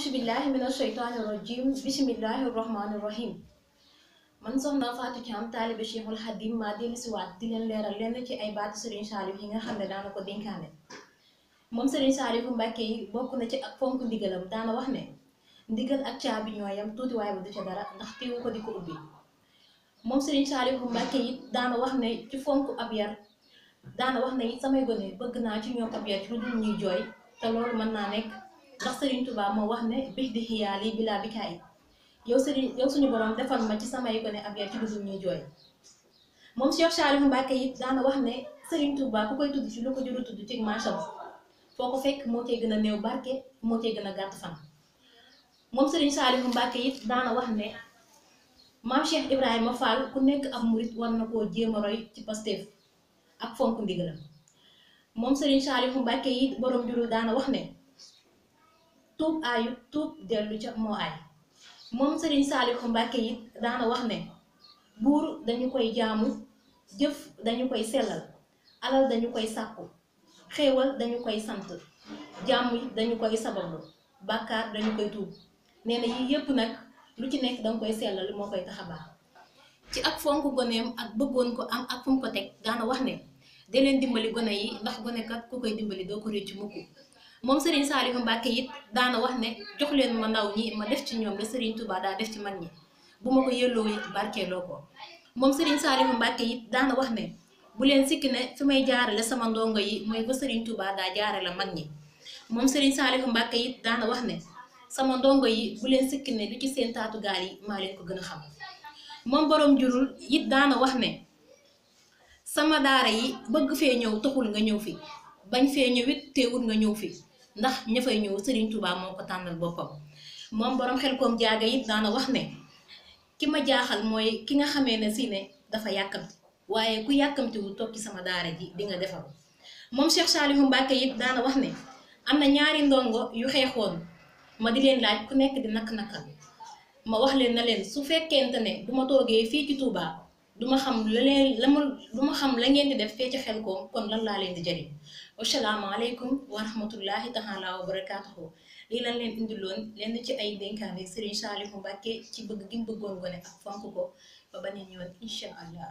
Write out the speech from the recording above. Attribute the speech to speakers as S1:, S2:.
S1: auzu billaahi mina sheytaani rajiim bismillaahi rahmaani rahiim man soxna Fatou Thiam taalibe Cheikhul Khadim maa dellusiwaat di leen leeral lenn ci ay baatu Serigne Saliou yi nga xam ne daana ko dénkaane moom Serigne Saliou Mbàkke yi bokk na ci ak fonk ndigalam daana wax ne ndigal ak caabi ñoo tuuti waaye bu du ca dara ndax teewu ko di ko ubbi moom Serigne Saliou Mbàkke yi daana wax ne ci fonk ab yar wax ne it samay gone bëgg naa ci ñoom ab ci mën naa nekk ndax Serigne Touba moo wax ne big di xiyaal yi bi bikaay yow Serigne yow suñu borom defal ma ci samay gone ak yar ci dudul ñuy jooy moom Cheikh Saliou Mbacke it daana wax ne Serigne Touba ku koy tudd ci lu ko juru tudd ci maasam foo ko fekk moo cee gën a néew barke moo cee gën a gàtt fan moom Serigne Saliou Mbacke it daana wax ne maam Cheikh Ibrahima Fall ku nekk ab murit war na koo jéem ci Pastef ak fonk ndigalam moom Serigne wax ne tuub aayut tuub dellu ca moo aay moom Serigne Saliou Mbacke it daana wax ne buur dañu koy jàmm jëf dañu koy sellal alal dañu koy sàkku xéewal dañu koy sant jàmm it dañu koy sabablu bàkkaar dañu koy tuub nee na yii yépp nag lu ci nekk danga koy sellal moo koy tax ci ak fonk goneem ak bëggoon ko am ak fu ko teg daana wax ne de leen dimbali gone yi ndax gone kat ku koy dimbali doo ko réccu mukk moom Serigne Saliou Mbacke it daana wax ne jox leen ma ndaw ñi ma def ci ñoom la Serigne Touba daa def ci mag ñi bu ma ko yelloo it barkeeloo ko moom Serigne Saliou Mbacke it daana wax ne bu leen sikki ne may jaarale sama ndongo yi mooy ba Serigne Touba daa jaarale mag ñi moom Serigne Saliou Mbacke it daana wax ne sama ndongo yi bu leen sikki ne lu seen taatu gaal yi maa ko gën a xam moom borom jurul it daana wax ne sama daara yi bëgg fee ñëw taxul nga ñëw fi bañ fee ñëwit teewul nga ñëw fi ndax ña fay ñëw Serigne Touba moo ko tànnal boppam moom borom xel koom jaaga it daana wax ne ki ma jaaxal mooy ki nga xamee ne si dafa yàkkamti waaye ku yàkkamti wu toog sama daara ji di nga defal moom Cheikh Saliou Mbacke it daana wax ne am na ñaari ndongo yu xeexoon ma di leen laaj ku nekk di nakk-nakkal ma wax leen na leen su fekkente ne du ma toogee fii ci Touba. duma xam la leen la ma du xam la ngeen di def fee ca xel koom kon lan laa leen di jëriñ asalaamaaleykum wa rahmatullahi taala wa barakaatuhu lii lan leen indiloon lenn ci ay dénkaane Serigne Saliou Mbacké ci bëgg gi mu bëggoon gone ak fonk ko ba beneen yoon incha allah